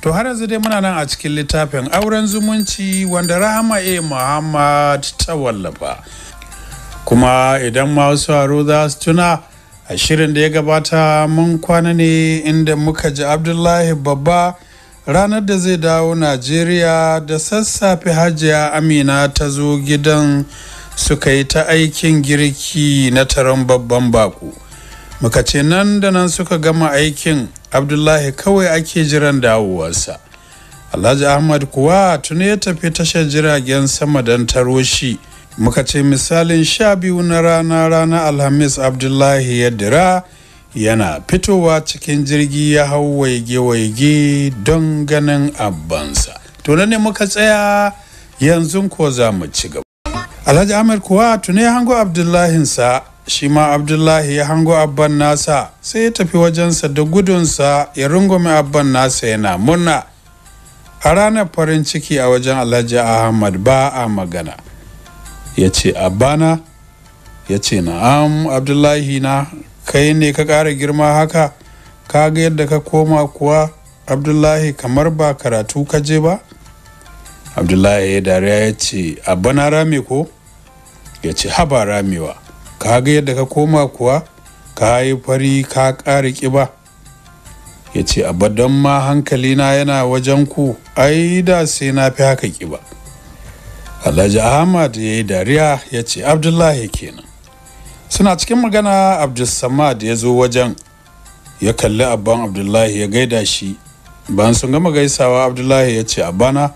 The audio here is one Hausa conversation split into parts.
To har yanzu dai muna nan a cikin littafin auren zumunci wanda Rahama e Muhammad ta wallafa. Kuma idan masu haro za su tuna a shirin da ya gabata mun kwana ne inda muka ji Abdullahi babba ranar da zai dawo Najeriya da sassafe hajiya Amina ta zo gidan suka yi ta aikin girki na taron babban baku. Muka ce nan da nan suka gama aikin abdullahi kawai ake jiran dawowarsa alhaji ahmad kuwa tuni ya tafi tashar jiragen sama don taro shi muka ce misalin sha biyu na rana rana alhamis abdullahi ya dira yana fitowa cikin jirgi ya hau waige-waige don ganin abansa. to ne muka tsaya yanzu ko za mu ci gaba alhaji ahmad kuwa tuni ya hango sa. shi ma abdullahi ya hango abban nasa sai ya tafi wajensa da gudunsa ya rungume abban nasa yana murna a ranar farin ciki a wajen alhaji ahmad ba a magana ya ce abbana ya ce na'am abdullahi na kai ne ka kara girma haka ka ga yadda ka koma kuwa abdullahi kamar ba karatu ka je ba abdullahi ya dariya ya ce abba na rame ko ya ce haba ramewa ka ga yadda ka koma kuwa ka yi fari ka ƙara ƙiba ya ce abadan ma na yana wajen ku ai da sai na fi haka ƙiba alhaji ahmad ya yi dariya ya ce abdullahi kenan suna cikin magana abdulsamad ya zo wajen ya kalli abban abdullahi ya gaida shi bayan sun gama gaisawa abdullahi ya ce bana?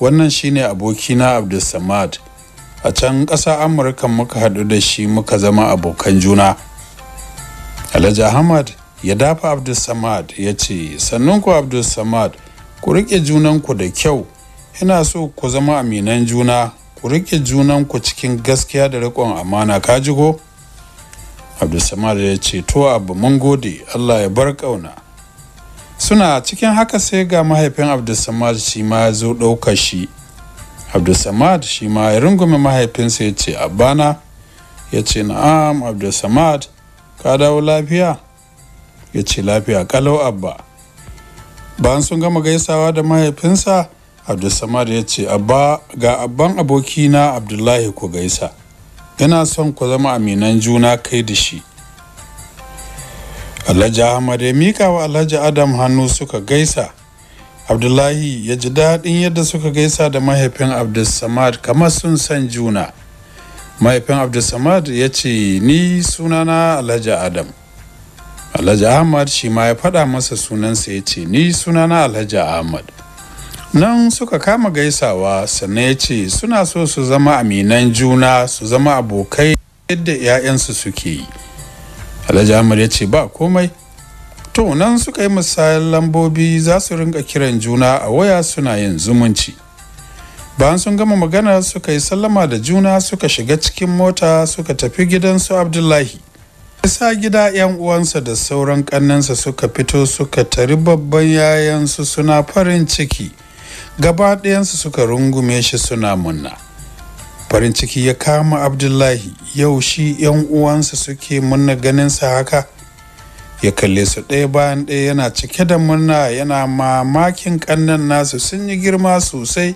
wannan shine abokina abdulsamad a can ƙasa amurka muka haɗu da shi muka zama abokan juna alhaji ahmad ya dafa abdulsamad ya ce sannunku abdulsamad ku riƙe junanku da kyau ina so ku zama aminan juna ku riƙe junanku cikin gaskiya da riƙon amana ka jigo abdulsamad ya ce to abu mun gode allah ya bar ƙauna suna cikin haka sai ga mahaifin abdulsamad shi ma ya zo ɗaukar shi abdulsamad shi ma ya rungume mahaifinsa ya ce abana ya ce na'am abdulsamad ka dawo lafiya ya ce lafiya kalau abba bayan sun gama gaisawa da mahaifinsa abdulsamad ya ce abba ga abban abokina abdullahi ku gaisa Ina son ku zama aminan juna kai da shi alhaji ahmad ya mika wa alhaji adam hannu suka gaisa abdullahi ya ji daɗin yadda suka gaisa da mahaifin abdulsamad kamar sun san juna mahaifin abdulsamad ya ce ni sunana alhaji adam alhaji ahmad shi ma ya faɗa masa sunansa ya ce ni sunana alhaji ahmad nan suka kama gaisawa sannan ya ce suna so su zama aminan juna su zama abokai yadda 'ya'yansu suke yi alhaji ahmad ya ce ba komai to nan suka yi misalin lambobi za su rinka kiran juna a waya suna yin zumunci bayan sun gama magana suka yi sallama da juna suka shiga cikin mota suka tafi gidansu abdullahi sa gida yan uwansa da sauran kannansa suka fito suka tari babban yayansu suna farin ciki gaba ɗayansu suka rungume shi suna munna farin ciki ya kama abdullahi yau shi yan uwansa suke munna ganinsa haka ya kalle su ɗaya bayan ɗaya yana cike da murna yana mamakin ƙannan nasu sun yi girma sosai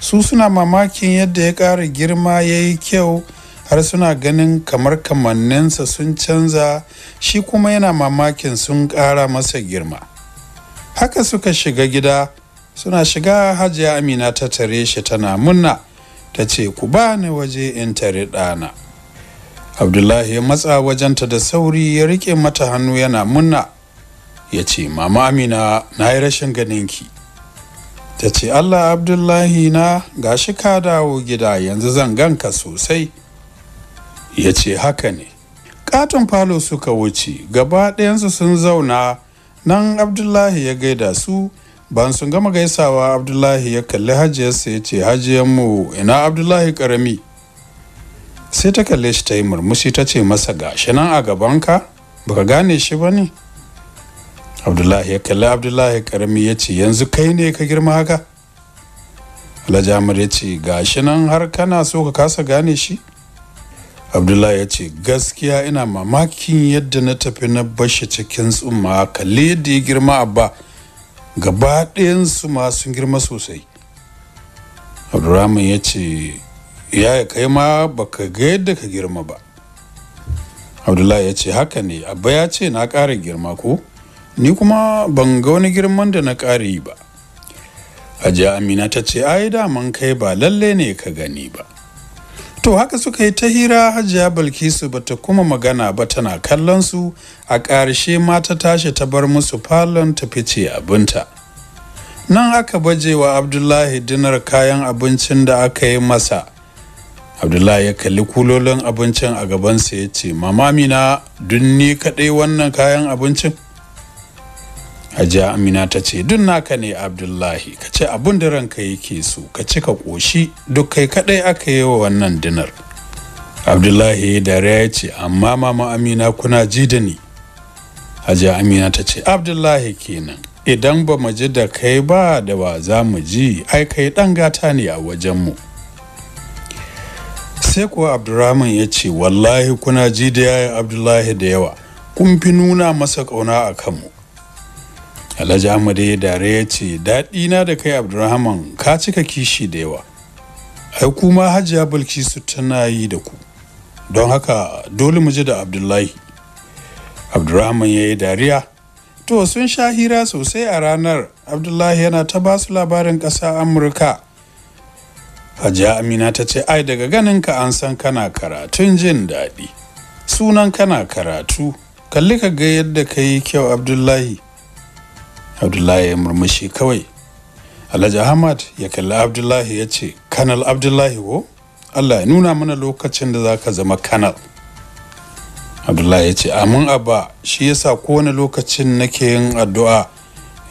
su suna mamakin yadda ya ƙara girma ya yi kyau har suna ganin kamar kamanninsa sun canza shi kuma yana mamakin sun ƙara masa girma haka suka shiga gida suna shiga hajiya amina ta tare shi tana munna ta ce ku ba ni waje in tare ɗana abdullahi ya matsa wajenta da sauri ya rike mata hannu yana munna ya ce mama amina na yi rashin ganinki ta ce allah abdullahi na ga shi ka dawo gida yanzu zan ganka sosai ya ce haka ne katon falo suka wuce gaba ɗayansu sun zauna nan abdullahi ya gaida su ban sun gama gaisawa abdullahi ya kalli hajiyarsa ya ce hajiyarmu ina abdullahi karami sai ta kalle shi ta yi murmushi ta ce masa gashi nan a gabanka baka gane shi ba ne abdullahi ya kalli abdullahi karami ya ce yanzu kai ne ka girma haka alhaji amur ya ce gashi nan har kana so ka kasa gane shi abdullahi ya ce gaskiya ina mamakin yadda na tafi na bashi cikin tsumma kalli yadda ya girma ba gaba ɗayansu ma sun girma sosai abdurrahman ya ce yaya kai ma baka ga yadda ka girma ba abdullahi ya ce haka ne abba ya ce na ƙara girma ko ni kuma ban ga wani girman da na ƙara yi ba hajiya amina ta ce ai daman kai ba lalle ne ka gani ba to haka suka yi ta hira hajiya balkisu ba ta kuma magana ba tana kallon su a ƙarshe mata ta tashi ta bar musu falon ta fice abinta nan aka baje wa abdullahi dinar kayan abincin da aka yi masa abdullahi ya kalli kulolin abincin a gabansa ya ce mama amina dun ni kaɗai wannan kayan abincin hajiya amina ta ce dun naka ne abdullahi ka ce abin da ranka yake so ka ci ka ƙoshi duk kai kaɗai aka yi wa wannan dinar abdullahi dare ya ce amma mama amina kuna ji da ni hajiya amina ta ce abdullahi kenan idan ba mu ji da kai ba da ba za mu ji ai kai ɗan gata ne a wajenmu mu sai kuwa abdurrahman ya ce wallahi kuna ji da yayin abdullahi da yawa kun fi nuna masa ƙauna a kanmu alhaji ahmad ya dare ya ce daɗi na da kai abdurrahman ka cika kishi da yawa ai kuma hajiya su tana yi da ku don haka dole mu ji da abdullahi abdurrahman ya yi dariya to sun sha hira sosai a ranar abdullahi yana ta ba su labarin ƙasa amurka hajiya amina ta ce ai daga ganinka an san kana karatun jin daɗi sunan kana karatu kalli ka ga yadda ka yi kyau abdullahi abdullahi ya murmushi kawai alhaji ahmad ya kalli abdullahi ya ce kanal abdullahi wo allah ya nuna mana lokacin da za ka zama kanal abdullahi ya ce amin abba shi yasa kowane lokacin nake yin addu'a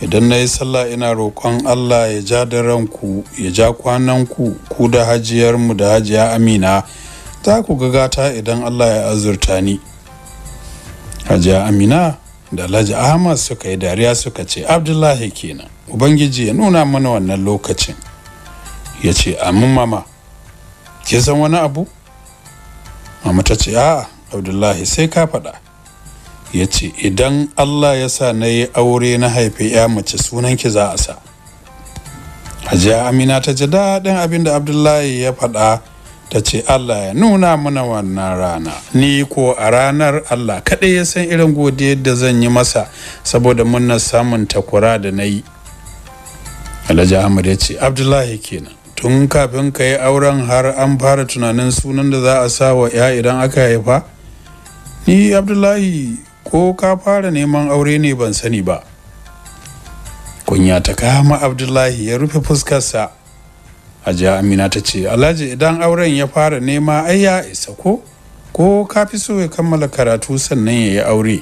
idan na yi sallah ina roƙon allah ya ja da ranku ya ja kwananku ku da hajiyarmu da hajiya amina za ku ga gata idan allah ya azurta ni hajiya amina da alhaji ahmad suka yi dariya suka ce abdullahi kenan ubangiji ya nuna mana wannan lokacin ya ce amin mama ke san wani abu mama ta ce a'a abdullahi sai ka faɗa ya ce idan allah ya sa na yi aure na haifi ya mace sunan ki za a sa hajiya amina ta ji daɗin abin da abdullahi ya faɗa ta ce allah ya nuna mana wannan rana ni ko a ranar allah kaɗai ya san irin godiyar da zan yi masa saboda muna samun takura da na yi alhaji ahmad ya ce abdullahi kenan tun kafin ka yi auren har an fara tunanin sunan da za a sa wa ya idan aka haifa ni abdullahi ko ka fara neman aure ne ban sani ba kunya ta kama abdullahi ya rufe fuskarsa hajiya amina ta ce alhaji idan auren ya fara nema ai ya isa ko ko ka fi so ya kammala karatu sannan ya yi aure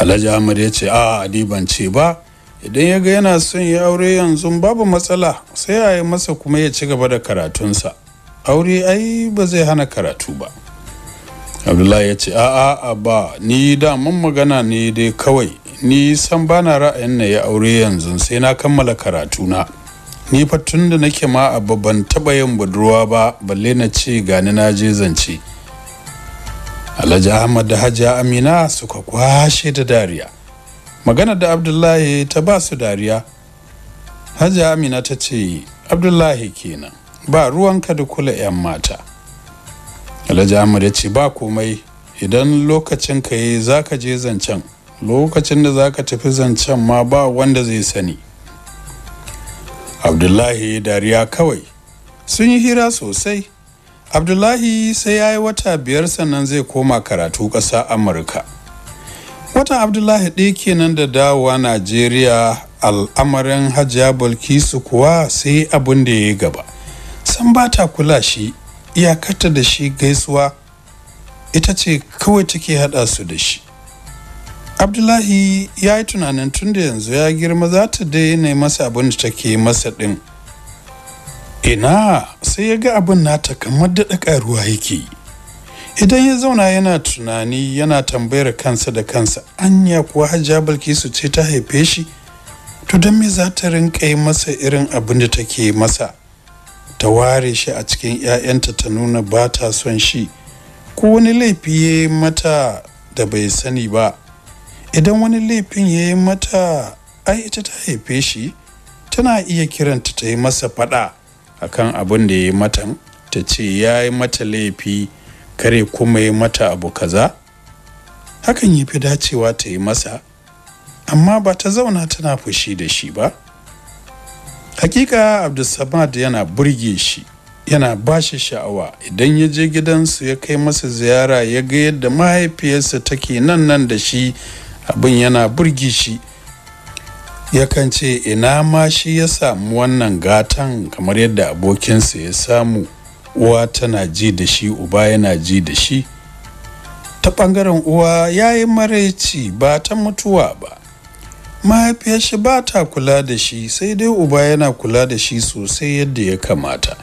alhaji ahmad ya ce a ban ce ba idan ya ga yana son ya aure yanzu babu matsala sai a yi masa kuma ya ci gaba da karatunsa aure ai ba zai hana karatu ba abdullahi ya ce a'a ba ni daman magana ne dai kawai ni san bana ra'ayin na ya aure yanzu sai na kammala karatuna ni fa tun da nake ma abu ban taba yin budurwa ba balle na ce gani na je zance alhaji ahmad da hajiya amina suka kwashe da dariya magana da abdullahi ta ba su dariya hajiya amina ta ce abdullahi kenan ba ruwanka da kula 'yan mata alhaji ahmad ya ce ba komai idan lokacin ka yi za ka je zancen lokacin da za ka tafi zancen ma ba wanda zai sani abdullahi dariya kawai sun yi hira sosai abdullahi sai ya yi wata biyar sannan zai koma karatu ƙasa amurka watan abdullahi ɗaya kenan da dawowa najeriya al'amarin hajiya bulkisu kuwa sai abin da ya yi gaba san ba ta kula shi iyakarta da shi gaisuwa ita ce kawai take haɗa su da shi abdullahi ya yi tunanin tun da yanzu ya girma za ta daina masa abin da take masa din. ina sai ya ga abin nata kamar daɗa ƙaruwa yake idan ya zauna yana tunani yana tambayar kansa da kansa anya kuwa hajja bilkisu ce ta haife shi to don me za ta rinka yi masa irin abin da take masa ta ware shi a cikin 'ya'yanta ta nuna ba ta son shi ko wani laifi ya yi mata da bai sani ba idan wani laifin ya yi mata ai ita ta haife shi tana iya kiranta ta yi masa fada akan abin da ya yi mata ta ce ya yi mata laifi kare kuma ya mata abu kaza hakan ya fi dacewa ta yi masa amma ba ta zauna tana fushi da shi ba hakika abdulsamad yana burge shi yana ba shi sha'awa idan ya je gidansu ya kai masa ziyara ya ga yadda mahaifiyarsa take nan nan da shi abin yana burge shi yakan ce ina ma shi ya samu wannan gatan kamar yadda abokinsa ya samu uwa tana ji da shi uba yana ji da shi ta ɓangaren uwa ya yi maraici ba ta mutuwa ba mahaifiyar shi ba ta kula da shi sai dai uba yana kula da shi sosai yadda ya kamata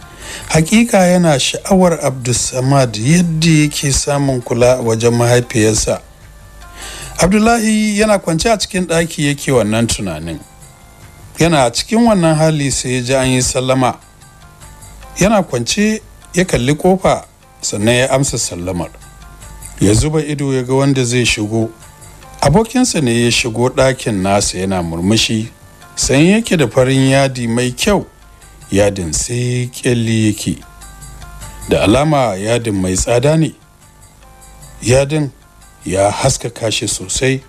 hakika yana sha'awar abdulsamad yadda yake samun kula wajen mahaifiyarsa abdullahi yana kwance a cikin ɗaki yake wannan tunanin yana cikin wannan hali sai ya ji an yi sallama yana kwance ya kalli kofa sannan ya amsa sallamar ya zuba ido ya ga wanda zai shigo abokinsa ne ya shigo ɗakin nasa yana murmushi san yake da farin yadi mai kyau yadin sai ƙyalli yake da alama yadin mai tsada ne yadin ya haskaka shi sosai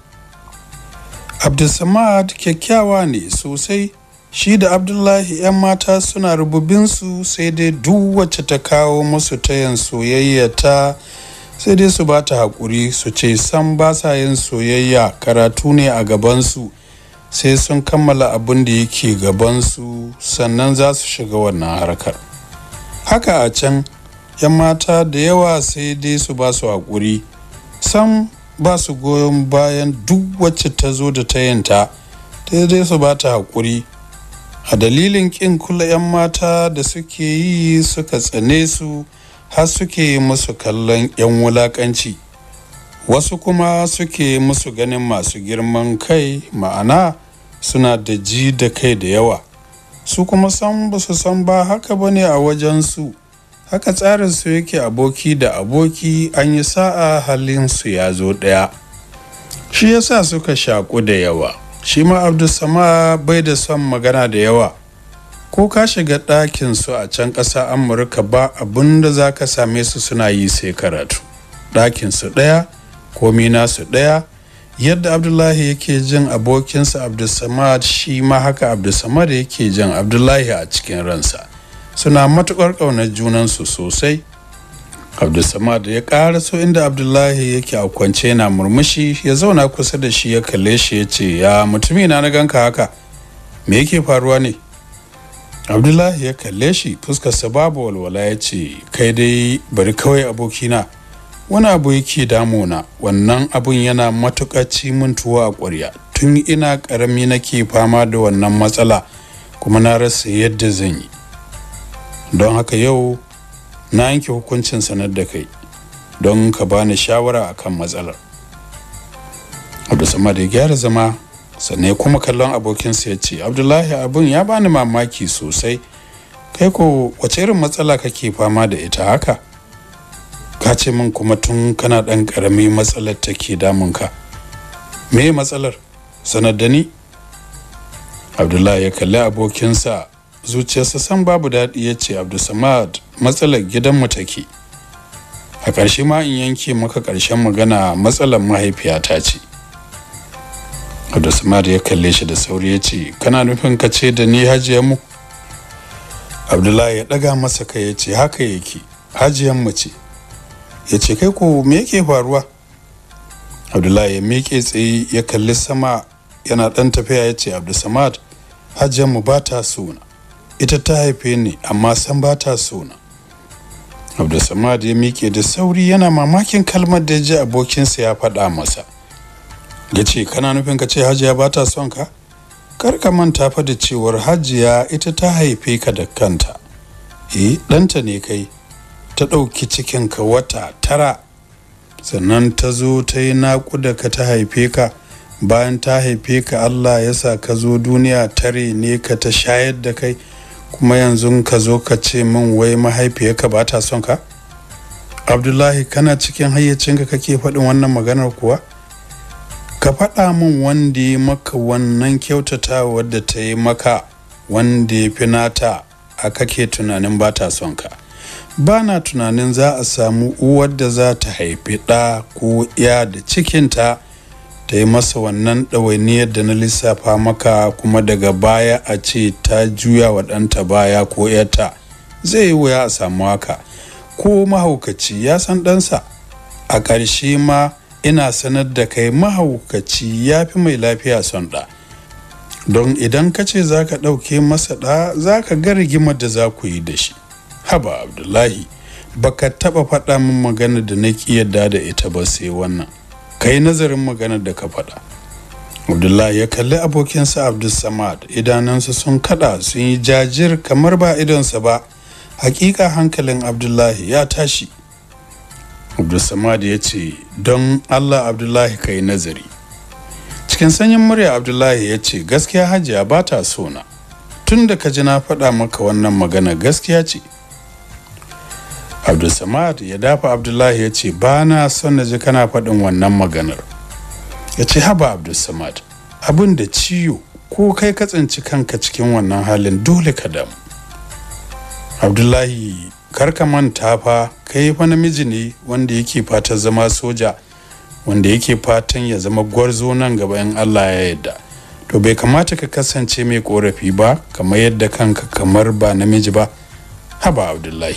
abdulsamad kyakkyawa ne sosai shi da abdullahi 'yan mata suna rububinsu sai dai duk wacce ta kawo musu tayan soyayya ta sai dai su ba ta haƙuri su ce san ba sa yin soyayya karatu ne a gabansu sai sun kammala abin da yake gabansu sannan za su shiga wannan harkar haka a can 'yan mata da yawa sai dai su ba su haƙuri san ba su goyon bayan duk wacce ta zo da ta ta dai su ba ta haƙuri a dalilin ƙin kula 'yan mata da suke yi suka tsane su har suke musu kallon 'yan wulakanci wasu kuma suke musu ganin masu girman kai ma'ana suna da ji da kai da yawa su kuma san ba su san ba haka ba ne a wajensu haka tsarin tsarinsu yake aboki da aboki an yi sa'a su ya zo ɗaya shi yasa suka shaƙu da yawa shi ma abdulsama bai da son magana da yawa ko ka shiga ɗakin su a can ƙasa amurka ba abin da za ka same su suna yi sai karatu ɗakin su ɗaya komi nasu ɗaya yadda abdullahi yake jin abokinsa abdulsamad shi ma haka abdulsamad yake jin abdullahi a cikin ransa suna matuƙar ƙaunar junansu sosai abdulsamad ya ƙara so inda abdullahi yake a kwance yana murmushi ya zauna kusa da shi ya kalle shi ya ce ya mutumina na na ganka haka me yake faruwa ne abdullahi ya kalle shi fuskarsa babu walwala ya ce kai dai bari kawai abokina wani abu yake damuna wannan abun yana matukaci mintuwa a ƙwarya tun ina ƙarami nake fama da wannan matsala kuma na rasa yadda zan yi don haka yau na yanke hukuncin sanar da kai don ka bani shawara akan matsalar abdulsamad ya gyara zama sannan kuma kallon abokinsa ya ce abdullahi abin ya bani mamaki sosai kai ko wace irin matsala kake fama da ita haka ka ce min kuma tun kana ɗan ƙarami matsalar take ka me matsalar sanar da ni abdullahi ya kalli abokinsa zuciyarsa san babu daɗi ya ce abdulsamad matsalar gidan gidanmu take a ƙarshe ma in yanke maka ƙarshen magana matsalar mahaifiyata ce abdulsamad ya kalle shi da sauri ya ce kana nufin ka ce da ni hajiya mu abdullahi ya ɗaga masa kai ya ce haka yake hajiyan mu ce ya ce kai ko me yake faruwa abdullahi ya miƙe tsaye ya kalli sama yana ɗan tafiya ya ce abdulsamad hajiyan mu ba ta sona ita ta haife ni amma san ba ta sona abdulsamad ya miƙe da sauri yana mamakin kalmar da ya ji abokinsa ya faɗa masa ya ce kana nufin ka ce hajiya ba ta son ka kar ka manta fa da cewar hajiya ita ta haife ka da kanta e ɗanta ne kai ta ɗauki cikinka wata tara sannan ta zo ta yi naƙuda ka ta haife ka bayan ta haife ka allah ya sa ka zo duniya tare ne ka ta shayar da kai kuma yanzu ka zo ka ce min wai mahaifiyarka ba ta son ka abdullahi kana cikin hayyacinka kake faɗin wannan maganar kuwa ka faɗa min wanda ya maka wannan kyautatawa da ta yi maka wanda ya fi nata a kake tunanin ba ta son ka ba na tunanin za a samu uwar da za ta haifi ɗa ko ya da cikinta ta yi masa wannan ɗawainiyar da na lissafa maka kuma daga baya a ce ta juya wa ɗanta baya ko ‘yarta zai yi wuya a samu haka ko mahaukaci ya san ɗansa a ƙarshe ma ina sanar da kai mahaukaci ya fi mai lafiya son ɗa don idan ka ce za ka ɗauke masa ɗa za ka ga rigimar da za ku yi da shi haba abdullahi ba ka taɓa faɗa min magana da na ƙi yadda da ita ba sai wannan ka yi nazarin magana da ka faɗa abdullahi ya kalli abokinsa abdulsamad idanunsa sun kaɗa sun yi jajir kamar ba idonsa ba hakika hankalin abdullahi ya tashi abdulsamad ya ce don allah abdullahi ka yi nazari cikin sanyin murya abdullahi ya ce gaskiya hajiya ba ta sona tun da ka ji na faɗa maka wannan magana gaskiya ce abdulsamad ya dafa abdullahi ya ce ba na son na ji kana faɗin wannan maganar ya ce haba abdulsamad abin da ciyo ko kai ka tsinci kanka cikin wannan halin dole ka damu abdullahi kar ka manta fa kai fa namiji ne wanda yake fatan zama soja wanda yake fatan ya zama gwarzo nan gaba in Allah ya yarda to bai kamata ka kasance mai korafi ba kamar yadda kanka kamar ba namiji ba haba abdullahi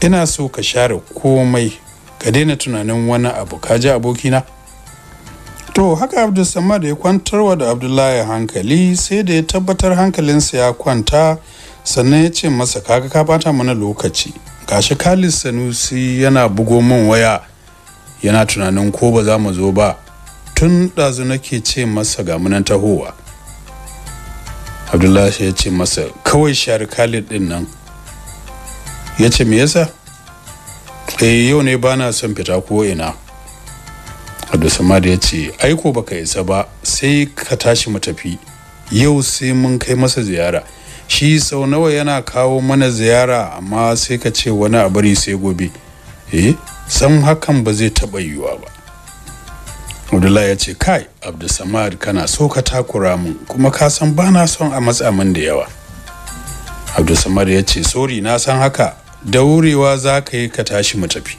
ina so ka share komai ka daina tunanin wani abu ka ji abokina to haka abdul samad ya kwantarwa da abdullahi hankali sai da ya tabbatar hankalinsa ya kwanta sannan ya ce masa kaga ka bata mana lokaci gashi khalid sanusi yana bugo min waya yana tunanin ko ba za mu zo ba tun ɗazu nake ce masa ga munan tahowa abdullahi ya ce masa kawai shari khalid din nan ya ce me yasa eh yau ne ba na son fita ko ina abdulsamad ya ce aiko baka isa ba sai ka tashi mu tafi yau sai mun kai masa ziyara shi sau nawa yana kawo mana ziyara amma sai ka ce wani a bari sai gobe eh san hakan ba zai taɓa yiwuwa ba abdullahi ya ce kai abdulsamad kana so ka takura mun kuma ka san ba na son a matsa min da yawa abdulsamad ya ce sori na san haka daurewa za ka yi ka tashi mu tafi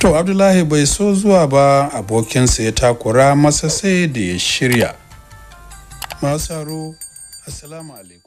to abdullahi bai so zuwa ba abokinsa ya takura masa sai da ya shirya masaro assalamu alaikum